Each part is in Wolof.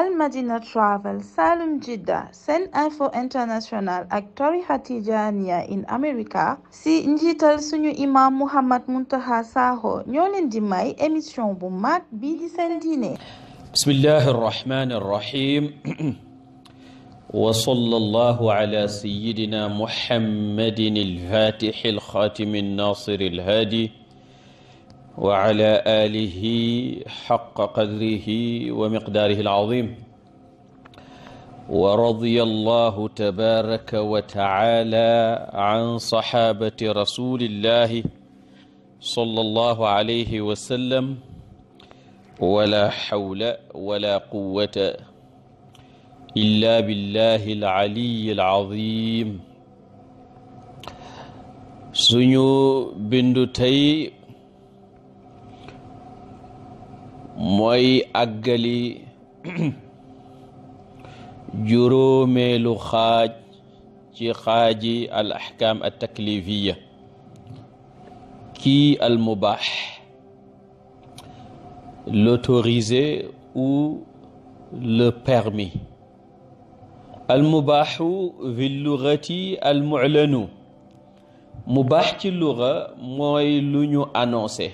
al madina travel salum jidda sen info international ak tarixa tijaniya in america si njiital suñu imam Mouhammad Muntaqa Sakho ñoo leen di may émission bu mag bii di seen diine bismillahi arrahmani arrahim wa sallallahu ala sayyidina muhammadin alfatixi alxaatimi annaasiri alhaadi wa ala aalihi xaqa qadrihi wa miqdaarihi al-aziim wa radiya allahu tabaaraka wa taala an saxaabati rasulillahi sallallahu alayhi wa sallam wala xawla wala quwwata illa billahi al-aliyyi al-aziim suñu bindu tey mooy àggali juróomeelu xaaj ci xaaji al ahkaam al taklifiya kii al mubaax l'autorisé ou le permis al mubaaxu fi lugati al mu'lanu mubaax ci luga mooy lu ñu annoncé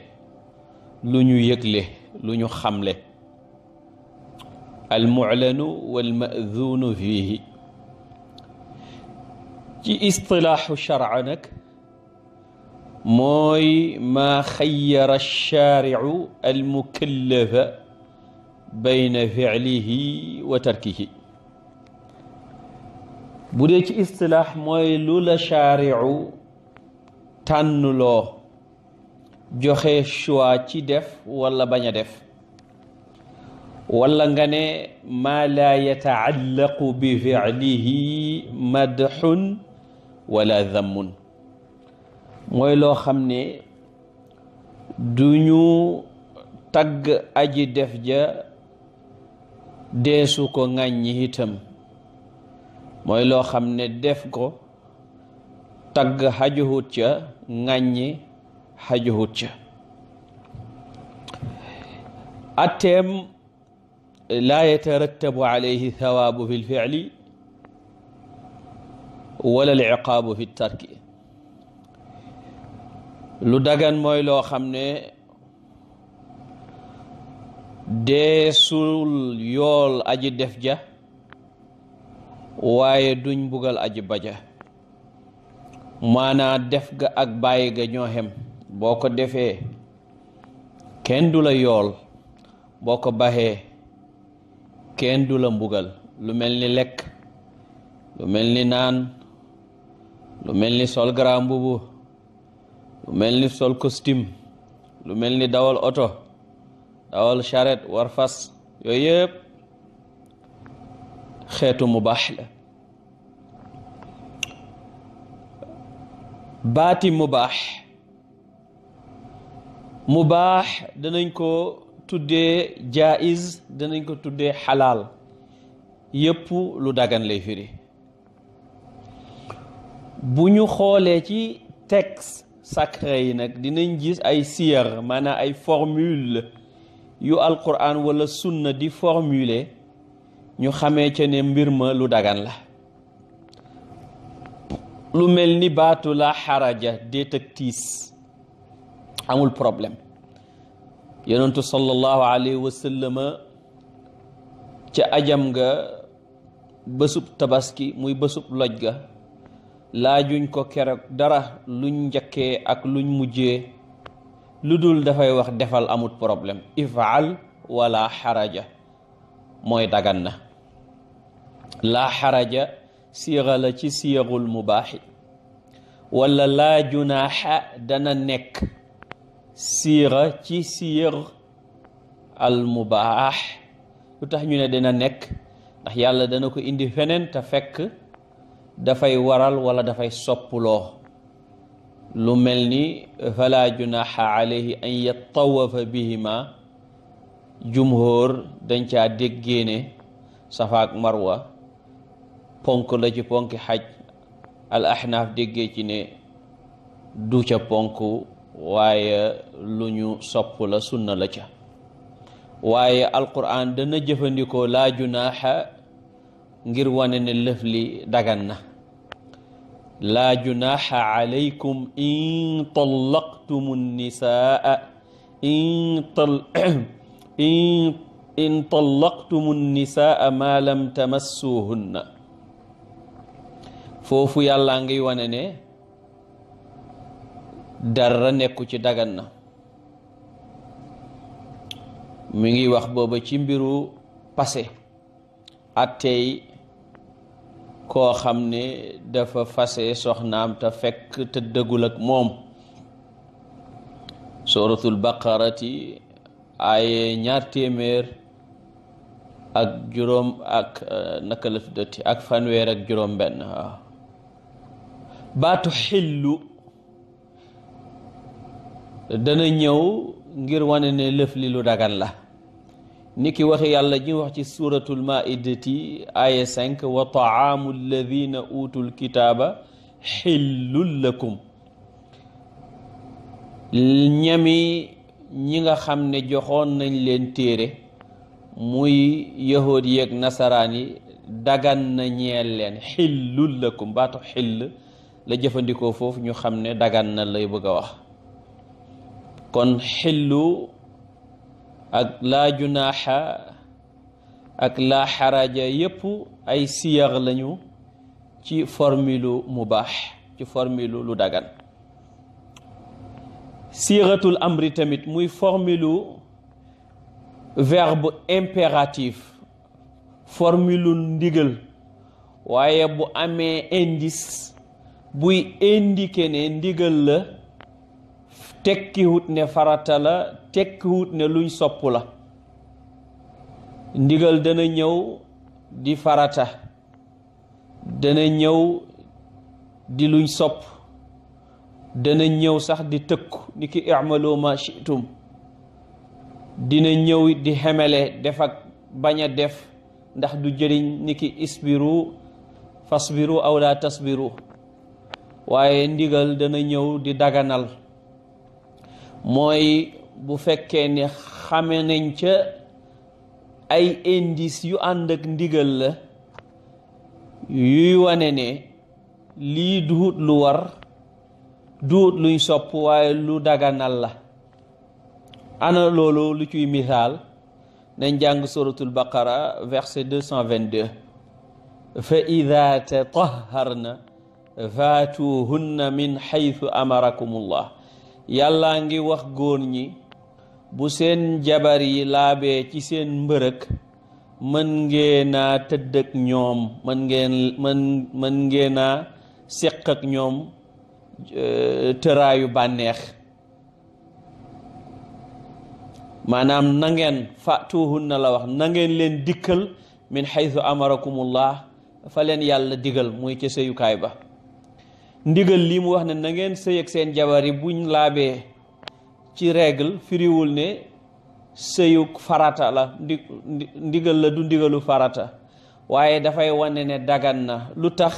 lu ñu yëgle lu ñu xamle almuclanu walmadunu fiihi ci istilaaxu sharca nag mooy maa xayara alchaaricu almukallafa bayna ficlihi wa tarkihi bu dee ci istilaax mooy lu la chaaricu tànnloo joxe choix ci def walla baña def wala nga ne maa laa yataallaqu bi fi'lihi madxun wala dammun mooy loo xam ne du ñu tagg aji def ja deesu ko ŋàññi itam mooy loo xam ne def ko tagg xajuhut ca ŋàññi xajuhut ca atteem laa yatarattabu alayhi thawaabu fi lficli wala alciqaabu fi tarki lu dagan mooy loo xam ne deesul yool aji def ja waaye duñ bugal aji baja maanaa def ga ak bàyyi ñoo xem boo ko defee kenn du la yool boo ko baxee kenn du la mbugal lu mel ni lekk lu mel ni naan lu mel ni sol grand mbubu lu mel ni sol costume lu mel ni dawal oto dawal charrette war fas yooyu yëpp xeetu mu baax la baati mu baax mu baax danañ ko tuddee jaiz danañ ko tuddee xalaal yépp lu dagan lay firi bu ñu xoolee ci tek sacré yi nag dinañ gis ay siyar maanaam ay formule yu alquran wala sunna di formuler ñu xamee ca ne mbir ma lu dagan la lu mel ni baatu la xaraja déet amul problème yonentu sallallahu alayhi wa sallama ca ajam nga bésub tabaski muy bésub loj ga laajuñ ko keroog dara luñ njëkkee ak luñ mujjee lu dul dafay wax defal amul problème ifaal wala xaraja mooy dagan na laa xaraja siixa la ci siiqul mubaaxi wala laaju naa dana nekk siira ci siir al mubaax lu tax ñu ne dina nekk ndax yàlla dana ko indi feneen te fekk dafay waral walla dafay soppuloo lu mel ni fala junaxa alayhi an yattawafa bihima jumhóor dañ caa déggee ne safaak marwa ponk la ci ponki xaj al ahnaaf déggee ci ne du ca ponk waaye lu ñu sopp la sunna la ca waaye alquran dana jëfandikoo laa junaaxa ngir wane ne lëf li dagan na laa junaaxa alaykum in tallaqtumu nisaa in tal in nisaa ma lam tamassuhunna foofu yàlla ngi wane dara nekku ci dagan na mi ngi wax booba ci mbiru pase attey koo xam ne dafa fase soxnaam te fekk te ak moom suratul baqarati aaye ñaar téeméer ak juróom ak euh, naka la tuddati ak fanweer ak juróom benn baatu xillu dana ñëw ngir wane ne lëf li lu dagan la niki waxi yàlla ji wax ci suuratul maidati aya 5 wa taamu alladina utul kitaaba xillul lakum ñami ñi nga xam ne joxoon nañ leen téere muy yahood yeeg nasaraan yi dagan na ñeel leen xillul lakum baatu xill la jëfandikoo foofu ñu xam ne dagan na lay bëgg a wax kon xillu ak laa junaaxa ak laa xaraja yépp ay siyaar lañu ci formulu mubaax ci formulu lu dagan siiratul amri tamit muy formulu verbe impératif formilu ndigal waaye bu amee indice buy indiqué ne ndigal la tekkiwut ne farata la tekkiwut ne luñ sopp la ndigal dana ñëw di farata dana ñëw di luñ sopp dana ñëw sax di tëkku ni ki i'malu ma shi'tum dina ñëw di xemele def ak bañ a def ndax du jëriñ ni ki isbiru fasbiru aw la tasbiru waaye ndigal dana ñëw di daganal mooy bu fekkee ni xame nañ ca ay indice yu ànd ak ndigal la yuy wane ne lii duut lu war duut luñ sopp waaye lu daganal la ana loolu lu ciy misaal nañ jàng suratul baqara verse 222 fa ida tatahharna faatuhunna min xaytu amarakumullah yàlla ngi wax góor ñi bu seen jabar yi laabee ci seen mbërëg mën ngeena tëdd ak ñoom mën ngeen mën ngeena séq ak ñoom euh, tëraayu bànneex maanaam na ngeen na la wax nangeen leen dikkal min xaytu amarakumullah fa leen yàlla diggal muy ca sëyukaay ba ndigal li mu wax ne na ngeen sëy ak seen jabar yi buñ laabee ci regl firiwul ne sëyuk farata la ndi ndigal la du ndigalu farata waaye dafay wane ne dagan na lu tax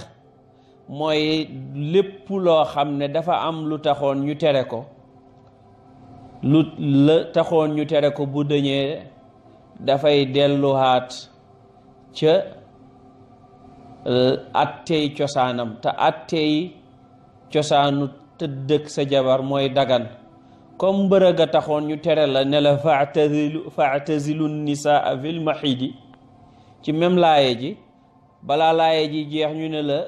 mooy lépp loo xam ne dafa am lu taxoon ñu tere ko lu la taxoon ñu tere ko bu dëñee dafay delluwaat ca euh, attey cosaanam te attey cosaanu tëddëg sa jabar mooy dagan comme mbërëg a taxoon ñu tere la ne la faatazilu faatazilu nisaa fil mahidi ci même laaye ji balaa laaye ji jeex ñu ne la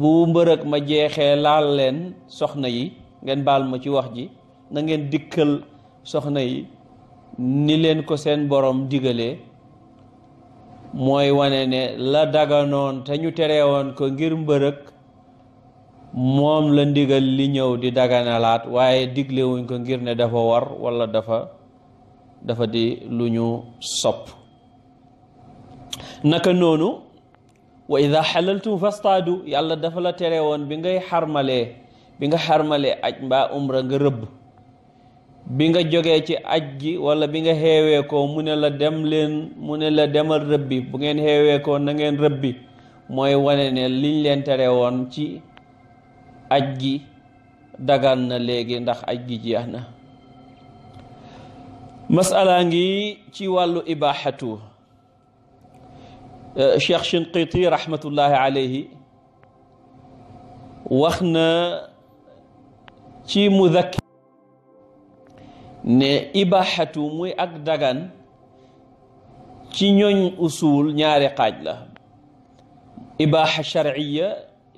bu mbërëg ma jeexee laal leen soxna yi ngeen baal ma ci wax ji nangeen ngeen dikkal soxna yi ni leen ko seen boroom digalee mooy wane ne la daganoon te ñu tere woon ko ngir mbërëg moom la ndigal li ñëw di daganalaat waaye diglewuñ ko ngir ne dafa war walla dafa dafa di lu ñu sopp naka noonu wa ida xalaltum fastaadu yàlla dafa la tere woon bi ngay xarmalee bi nga xarmalee aj mbaa umra nga rëbb bi nga jógee ci aj gi walla bi nga xeewee ko mu ne la dem leen mu ne la demal rëbbi bu ngeen xeewee ko na ngeen rëbbi mooy wane ne liñ leen tere woon ci aj gi dagan na léegi ndax aj gi jeex na masala ngi ci wàllu ibaaxatu eh, cheikh shinqiti rahmatullahi alayhi wax na ci mudhakkir ne ibaaxatu muy ak dagan ci ñooñ usul ñaari xaaj la ibaaxa sharciya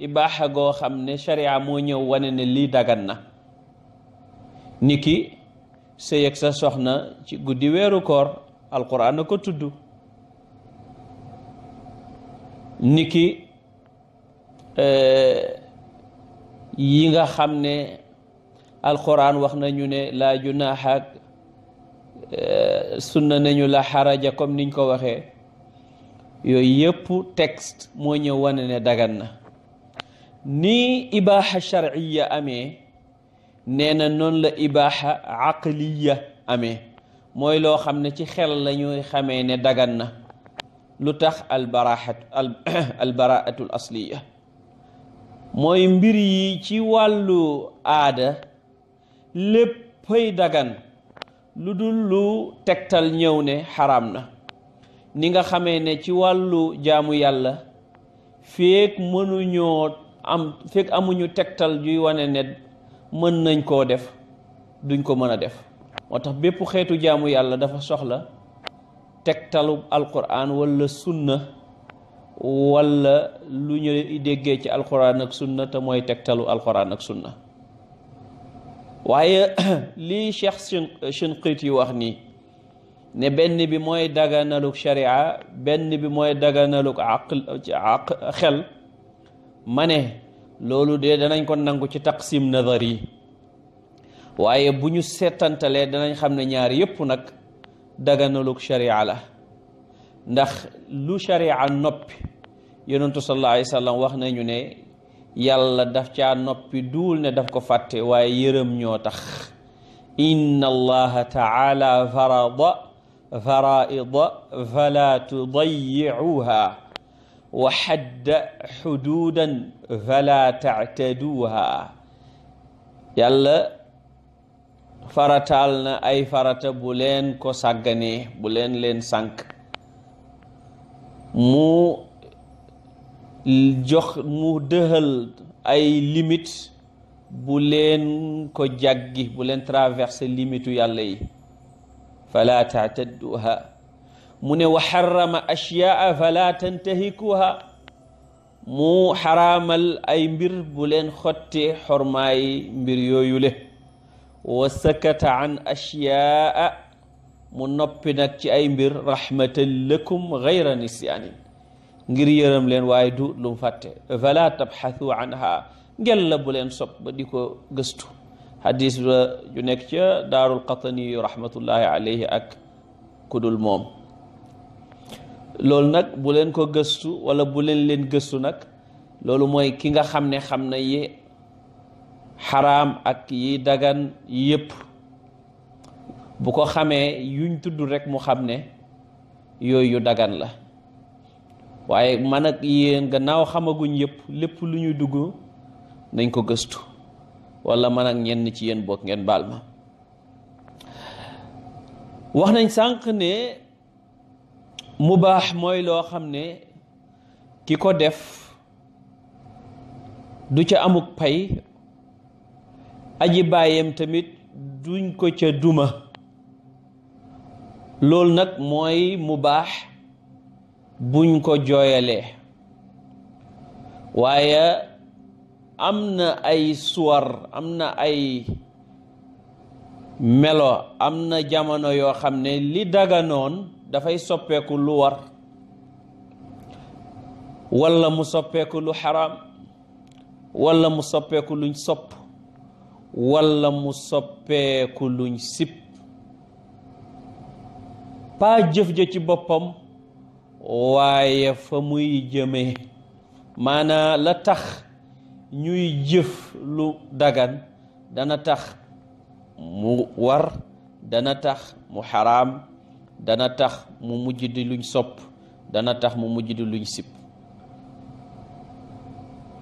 ibaaxa goo xam ne sharia moo ñëw wane ne lii dagan na niki sëy ak sa soxna ci guddi weeru koor alquran a ko tudd niki eh, yi nga xam ne alquran wax nañu ne laa junaaha ak eh, sunna nañu la xaraja comme niñ ko waxee yooyu yëpp text moo ñëw wane ne dagan na ni ibaaxa sharciya amee nee na noonu la ibaaxa aqliya amee mooy loo xam ne ci xel la ñuy xamee ne dagan na lu tax albaraat albaraatul asliya mooy mbir yi ci wàllu aada léppay dagan lu dul lu tegtal ñëw ne xaram na ni nga xamee ne ci wàllu jaamu yàlla féeg mënuñoo am fekk amuñu tegtal juy wane ne mën nañ koo def duñ ko mën a def moo tax bépp xeetu jaamu yàlla dafa soxla tegtalu alquran wala sunna wala lu ñu déggee ci alquran ak sunna te mooy tegtalu alquran ak sunna waaye lii cheikh Shinqit yi wax nii ne benn bi mooy daganaluk sharia benn bi mooy daganaluk aq xel ma ne loolu de danañ ko nangu ci taqsim nazar yi waaye bu ñu seetantalee danañ xam ne ñaar yépp nag daganaluk sharia la ndax lu sharia noppi yonentu sallallahu alayhi wa sallam wax nañu ne yàlla daf caa noppi duul ne daf ko fàtte waaye yërëm ñoo tax inna allaha taala farada faraida fala tudayicuha wa xadda xuduudan fala tactaduuha yàlla farataal na ay farata bu leen ko sàgganee bu leen leen sànk mu jox mu dëxal ay limit bu leen ko jàggi bu leen traversé limitu yàlla yi fala tactaduuha mu ne wa xarama ashyaa fala tantahikuha mu xaraamal ay mbir bu leen xotti xormaay mbir yooyule wa sakata an ashyaa mu noppi nag ci ay mbir rahmatan lakum gayra nisyanin ngir yërëm leen waaye du lu fàtte fala tabxasu anha bu leen sob ba di ko gëstu hadis ba ju nekk ca daarul qatani rahmatullahi ak kudul moom loolu nag bu leen ko gëstu wala bu leen leen gëstu nag loolu mooy ki nga xam ne xam na yi xaraam ak yi dagan yépp bu ko xamee yuñ tudd rekk mu xam ne yooyu yu dagan la waaye mën ak yéen gannaaw xamaguñ yépp lépp lu ñuy dugg nañ ko gëstu wala man ak ñenn ci yéen bokk ngeen baal ma wax nañ sànq ne mu baax mooy loo xam ne ki ko def du ca amuk pay aji bàyyam tamit duñ ko ca duma loolu nag mooy mu baax buñ ko jooyalee waaye am na ay suwar am na ay melo am na jamono yoo xam ne li daganoon dafay soppeeku lu war walla mu soppeeku lu xaraam walla mu soppeeku luñ sopp walla mu soppeeku luñ sip paa jëf ja ci boppam waaye fa muy jëme maanaa la tax ñuy jëf lu dagan dana tax mu war dana tax mu xaraam dana tax mu mujj di luñ sopp dana tax mu mujj di luñ sib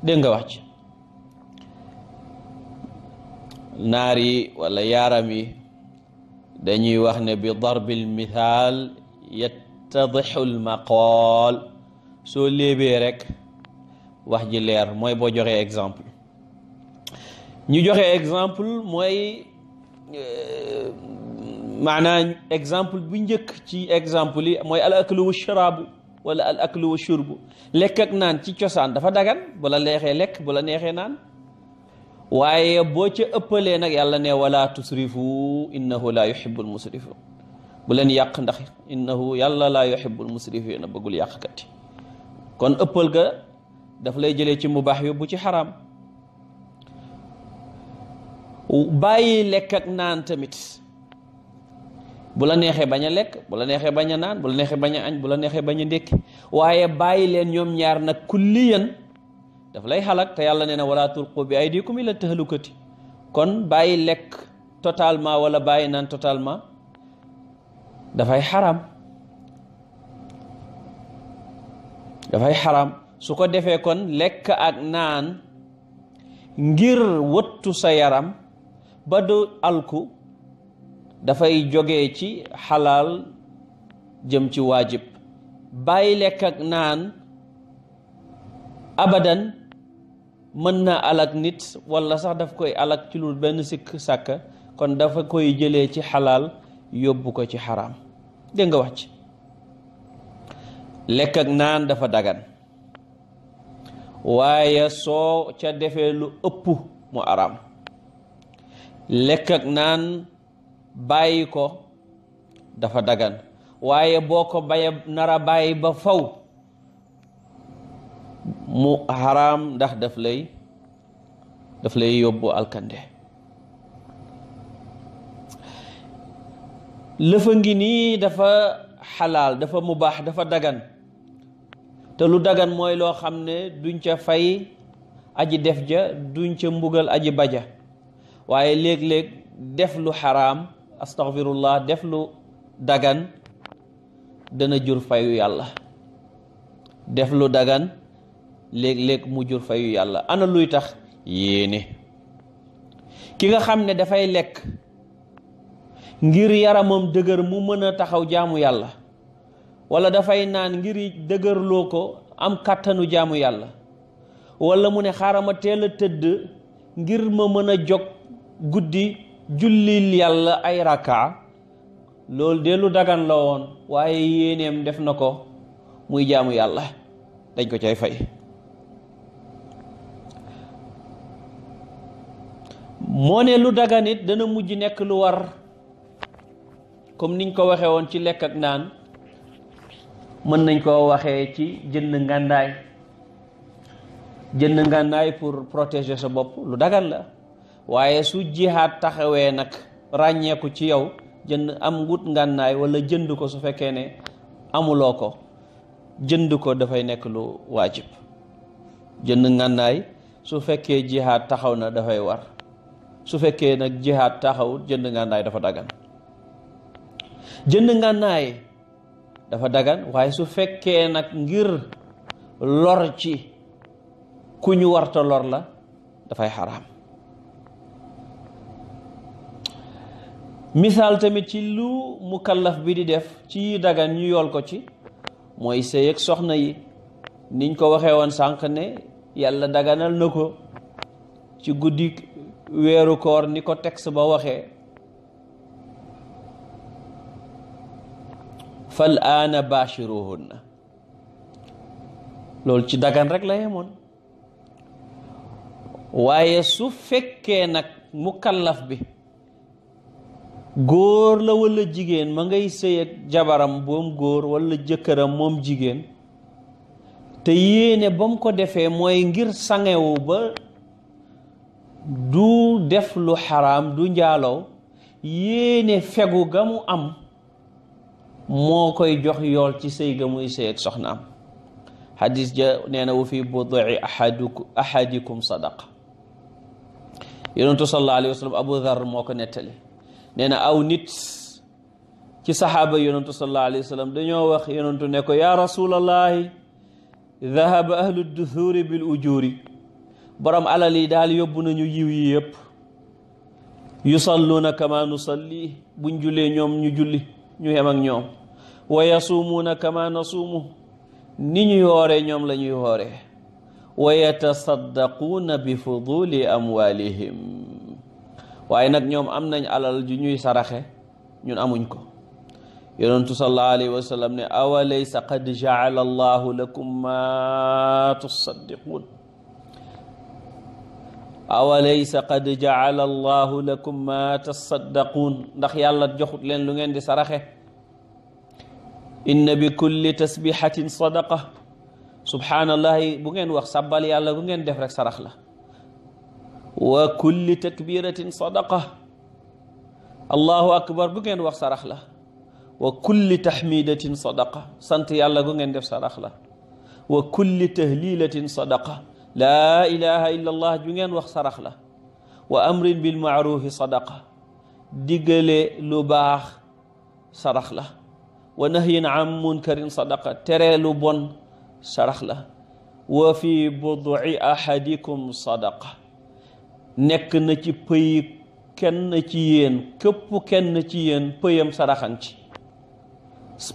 dégg nga wax ci naar yi walla yaaram yi dañuy wax ne bi darbil mithaal yattadixu lmaqool soo léebee rekk wax ji leer mooy boo joxee exemple ñu joxe exemple mooy euh, maanaam exemple bu njëkk ci exemple yi mooy al aklu sharaabu wala al aklu wa shurbu lekk naan ci cosaan dafa dagan bu la leexee lekk bu la neexee naan waaye boo ci ëppalee nag yàlla ne wala tusrifu innahu laa yuhibbul musrifin bu leen yàq ndax innahu yàlla laa yuhibbul musrifin bëggul yi kon ëppal ga daf lay jëlee ci mu baax yóbbu ci xaraam bàyyi lekk naan tamit bu la neexee bañ a lekk bu la neexee bañ a naan bu la neexee bañ a añ bu la neexee bañ a ndékki waaye bàyyi leen ñoom ñaar nag kulliyan daf lay xalak te yàlla nee na wala tulqu bi aydikum ila tahlukati kon bàyyi lekk totalement wala bàyyi naan totalement dafay xaram dafay xaram su ko defee kon lekk ak naan ngir wëttu sa yaram ba du alku dafay jógee ci xalaal jëm ci waajib bàyyi lekk ak naan abadan mën na alak nit wala sax daf koy alak ci lu benn sikk sàkka kon dafa koy jële ci xalaal yóbbu ko ci xaraam dégg nga wàcc lekk ak naan dafa dagan waaye soo ca defee lu ëpp mu araam lekk ak naan bàyyi ko dafa dagan waaye boo ko baye nara bàyyi ba faw mu xaraam ndax daf lay daf lay yóbbu alkande lëfa ngi nii dafa xalaal dafa mu baax dafa dagan te lu dagan mooy loo xam ne duñ ca fay aji def ja duñ ca mbugal aji baja waaye léeg-léeg def lu xaraam astaghfirullah def lu dagan dana jur fayu yàlla def lu dagan léeg-léeg mu jur fayu yàlla ana luy tax yéene ki nga xam ne dafay lekk ngir yaramam dëgër mu mën a taxaw jaamu yàlla wala dafay naan ngir dëgërloo ko am kàttanu jaamu yàlla wala mu ne xaaral ma teel a tëdd ngir ma mën a jog guddi jullil yàlla ay rakaa loolu de lu dagan la woon waaye yéeneem def na ko muy jaamu yàlla dañ ko cay fay moo ne lu daganit dana mujj nekk lu war comme niñ ko waxee woon ci lekk ak naan mën nañ koo waxee ci jënd ngàndaay jënd ngàndaay pour protéger sa bopp lu dagan la waaye su jihaat taxawee nag ràññeeku ci yow jënd am wut ngànnaay wala jënd ko su fekkee ne amuloo ko jënd ko dafay nekk lu waajib jënd ngànnaay su fekkee jihaat taxaw na dafay war su fekkee nag jihaat taxawut jënd ngànnaay dafa dagan jënd ngànnaay dafa dagan waaye su fekkee nag ngir lor ci ku ñu warta lor la dafay xaraam misaal tamit ci lu mu mukallaf bi di def ci dagan ñu yool ko ci mooy sëy ak soxna yi niñ ko waxee woon sànq ne yàlla daganal na ko ci guddi weeru koor ni ko teg texte ba waxee fal aana bashiruhunna loolu ci dagan rek la waaye su fekkee nag mu mukallaf bi góor la walla jigéen ma ngay sëy ak jabaram boom góor walla jëkkëram moom jigéen te yéene ba mu ko defee mooy ngir sangewu ba du def lu xaraam du njaaloo yéene fegu ga mu am moo koy jox yool ci sëy ga muy sëy ak soxnaam xadis ja nee na wu fi bud'i ahadikum sadaqa yonentu sallallahu alayhi abu dhar moo ko nettali nee na aw nit ci saxaaba yonantu sallallahu alayhi wa sallam dañoo wax yonantu ne ko yaa rasulallahi dahaba ahlu duthuri bil alal yi daal yóbbu nañu yiw yi yëpp yusalluuna kama nusalli buñ jullee ñoom ñu julli ñu yem ñoom wa yasuumuuna kama nasuumu ni ñuy wooree ñoom la ñuy wooree wa yatasaddaquuna bi fuduli amwalihim waaye nag ñoom am nañ alal ju ñuy saraxe ñun amuñ ko yonentu sallallahu alayhi wa sallam ne awalaysa qad jaala allahu lakum ma tusaddiquun awalaysa qad jaala allahu lakum ndax yàlla joxut leen lu ngeen di saraxe inna bi kulli tasbihatin sadaqa subhaanallahi bu ngeen wax sabbal yàlla bu ngeen def rek sarax la wa kulli takbiratin sadaqa allahu akbar gu ngeen wax sarax la wa kulli tahmidatin sadaqa sant yàlla gu ngeen def sarax la wa kulli tahlilatin sadaqa laa ilaha illa allah ju ngeen wax sarax la wa amrin bil maarufi sadaqa diggale lu baax sarax la wa nahyin an munkarin sadaqa tere lu bon sarax la wa fi bud'i ahadikum sadaqa nekk na ci pëy kenn ci yéen képp kenn ci yenn pëyam saraxan ci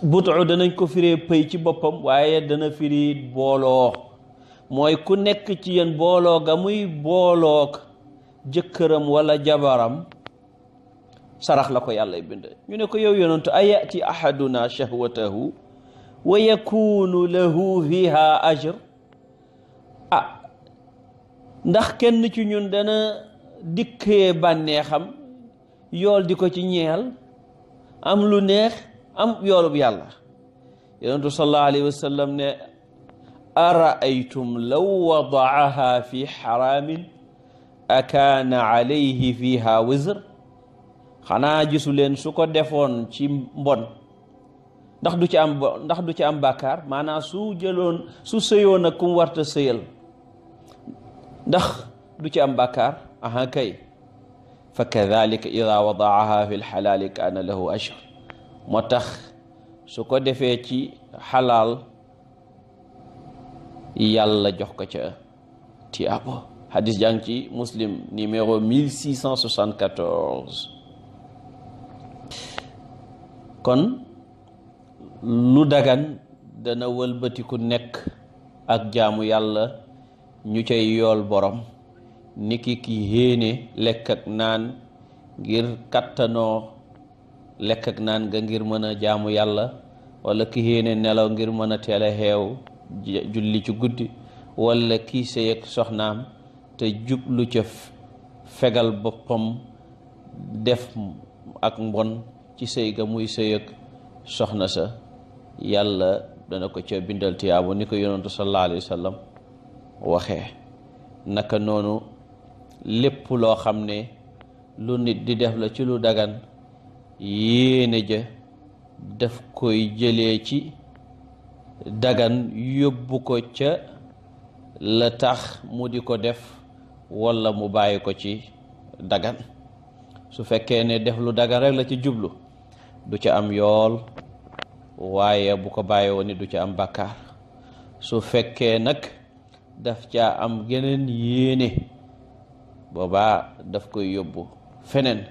butu danañ ko firee pëy ci boppam waaye dana firi booloo mooy ku nekk ci yenn booloo ga muy booloog jëkkëram wala jabaram sarax la ko yàllay bind ñu ne ko yow yonentu a yati ahaduna shahwatahu wa yakunu lahu fiha ajr ah, ndax kenn ci ñun dana dikkee bànneexam yool di ko ci ñeel am lu neex am yoolub yàlla yonentu sallallahu alayhi wa ne araaytum law wadaaha fi xaraamin akaana alayhi fiha wizr xanaa gisu leen su ko defoon ci mbon ndax du ci am ndax du ci am bàkkaar maanaam su jëloon su sëyoon ak kum warta sëyal ndax du ci am bàkkaar aha kay fa kadalika ida wadaaha fi lxalaali kaana lahu ajr moo tax su ko defee ci xalaal yàlla jox ko ca tiyaabo hadis jàng ci muslim numéro 1674 kon lu dagan dana wëlbatiku nekk ak jaamu yàlla ñu cay yool boroom niki ki héene lekk ak naan ngir kattanoo lekk ak naan nga ngir mën a jaamu yàlla wala ki héene nelaw ngir mën a teel a xeew julli ci guddi wala ki sëy ak soxnaam te jublu ca fegal boppam def ak mbon ci sëy ga muy sëy ak soxna sa yàlla dana ko ca bindal tiyaabu ni ko yonantu sallallahu alayhi wa sallam waxee naka noonu lépp loo xam ne lu nit di def la ci lu dagan yéene ja daf koy jëlee ci dagan yóbbu ko ca la tax mu di ko def walla mu bàyyi ko ci dagan su fekkee ne def lu dagan rek la ci jublu du ca am yool waaye bu ko bàyyi woon du ca am bàkkaar su fekkee nag daf caa am geneen yéene boobaa daf koy yóbbu feneen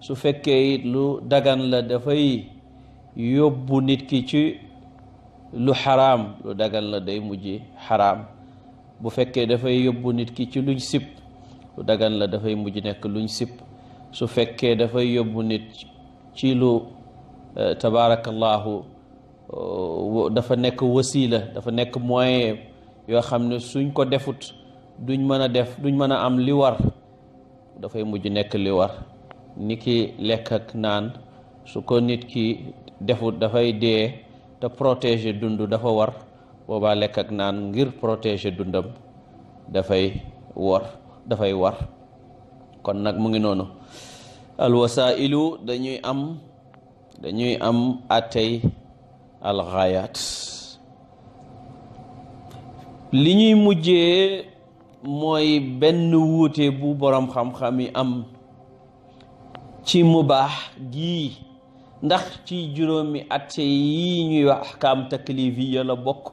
su fekkee it lu dagan la dafay yóbbu nit ki ci lu xaraam lu dagan la day mujj xaraam bu fekkee dafay yóbbu nit ki ci luñ sip lu dagan la dafay mujj nekk luñ sip su fekkee dafay yóbbu nit ci lu eh, tabaarakallahu eh, dafa nekk wasiila dafa nekk moyen yoo xam ne suñ ko defut duñ mën a def duñ mën a am li war dafay mujj nekk li war ni ki lekk ak naan su ko nit ki defut dafay dee te protéger dund dafa war booba lekk ak naan ngir protéger dundam dafay war dafay war kon nag mu ngi noonu alwasailu dañuy am dañuy am atay alxaayaat li ñuy mujjee mooy benn wuute bu boroom xam-xam yi am ci mu baax gii ndax ci juróomi atte yi ñuy wax ahkaam taklifiya la bokk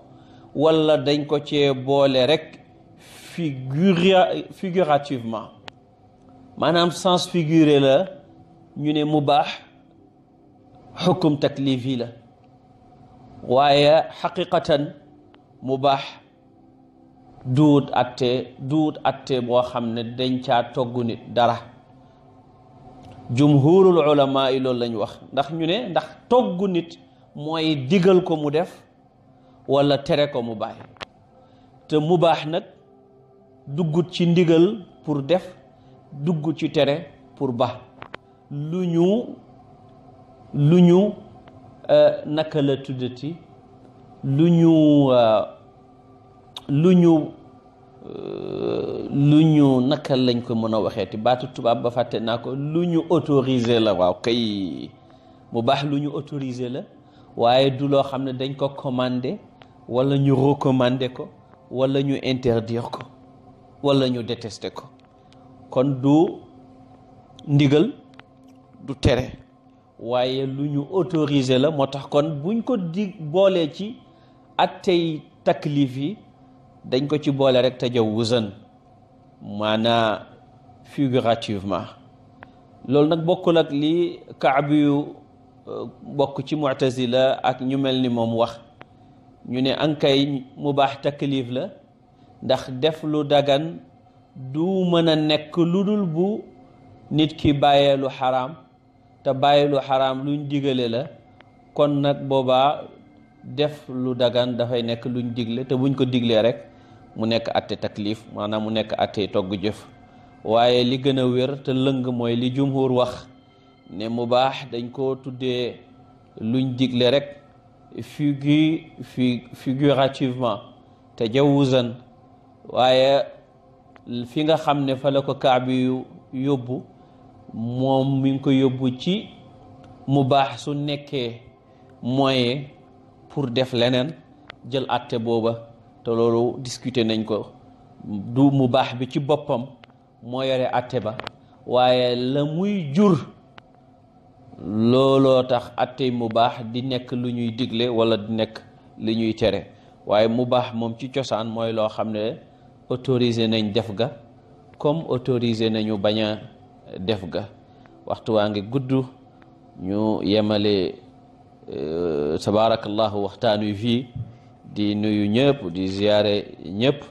walla dañ ko cee boole rekk figura figurativement maanaam sens figuré la ñu ne mubaax xukum taklifi la waaye xaqiqatan mubaax duut atte duut atte boo xam ne dañ caa togg nit dara jumhurul ulama yi loolu lañ wax ndax ñu ne ndax togg nit mooy digal ko mu def wala tere ko mu bàyyi te mu baax nag duggut ci ndigal pour def dugg ci tere pour ba lu ñu lu ñu euh, naka la tuddati lu ñu euh, lu ñu euh, lu ñu naka lañ ko mën a waxeeti baatu tubaab ba fàtte naa ko lu ñu autorisé la waaw kay mu baax lu ñu autorisé la waaye du loo xam ne dañ ko commandé wala ñu recommandé ko wala ñu interdire ko wala ñu détesté ko kon du ndigal du tere waaye lu ñu autorisé la moo tax kon buñ ko di boolee ci ak attey taklif yi dañ ko ci boole rek tajawuzan maanaa figurativement loolu nag bokkul ak li kaabu yu uh, bokk ci la ak ñu mel ni moom wax ñu ne ankay mu baax taklif la ndax def lu dagan du mën a nekk lu dul bu nit ki bàyyeelu xaraam te bàyyee xaraam luñ digale la kon nag boobaa def lu dagan dafay nekk luñ digle te buñ ko diglee rek mu nekk atte taklif maanaam mu nekk atte togg jëf waaye li gën a wér te lëng mooy li jumhur wax ne mu baax dañ koo tuddee luñ digle rek figu fi figurativement te jawuzan waaye fi nga xam ne fa la ko kaabi yóbbu moom mi ngi ko yóbbu ci mu baax su nekkee moyen pour def leneen jël atte booba te loolu discuter nañ ko du mu baax bi ci boppam moo yore atte ba waaye la muy jur looloo tax attey mu baax di nekk lu ñuy digle wala di nekk li ñuy tere waaye mu baax moom ci cosaan mooy loo xam ne autorisé nañ def ga comme autorisé nañu bañ a def ga waxtu waa ngi gudd ñu yemale euh, tabaarakallahu waxtaan wi fii di nuyu ñëpp di ziare ñëpp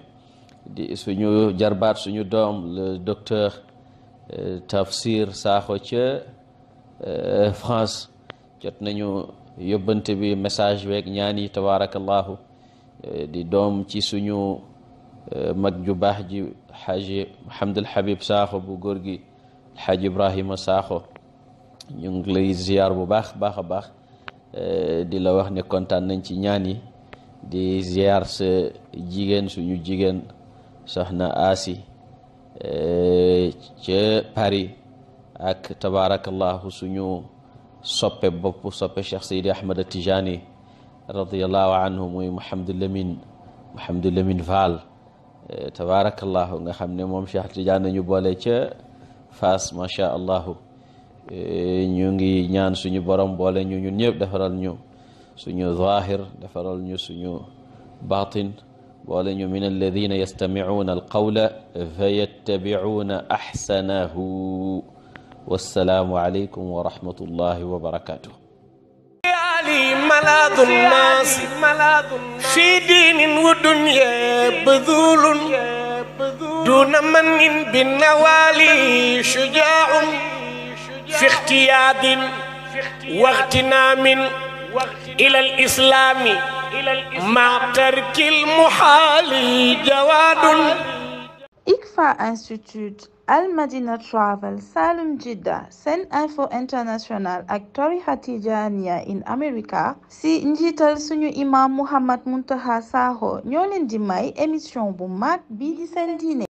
di suñu jarbaat suñu doom le docteur euh, Tafsir Sakho ca euh, France jot nañu yóbbante bi message beeg ñaan yi tabaarakallahu euh, di doom ci suñu mag ju baax ji xaaji Mouhamadul Habib Sakho bu góor gi xaaji Ibrahima Sakho ñu ngi lay bu baax baax a baax di la wax ne kontaan nañ ci ñaan yi. di ziar sa jigéen suñu jigéen soxna Asi eh, ca Paris ak tabarakallahu suñu soppe bopp soppe Cheikh Seydi Ahmad Tijani radiallahu anhu muy Mouhamadou Lamine Mouhamadou Lamine Fall eh, tabarakallahu nga xam ne moom Cheikh Tidiane ñu boole ca Faas macha allahu eh, ñu ngi ñaan suñu borom boole ñu ñun ñëpp defaral ñu suñu zaahir defaral ñu suñu baatin boole ñu min alladina yastamicuuna alqawla fa yattabicuuna axsanahu wassalaamu aleykum wa rahmatullahi wa barakatuh ملاذ الناس في دين ودنيا بذول دون من بالنوالي شجاع في اختياد واغتنام إلى الإسلام مع ترك المحال جواد ICFA Institute Al Madina Travel Salum Jidda SeneInfo International ak tarixa Tijaaniya in America si njiital suñu imam Mouhamed Muntaqa Sakho ñoo leen di may émission bu mag bii di seen diine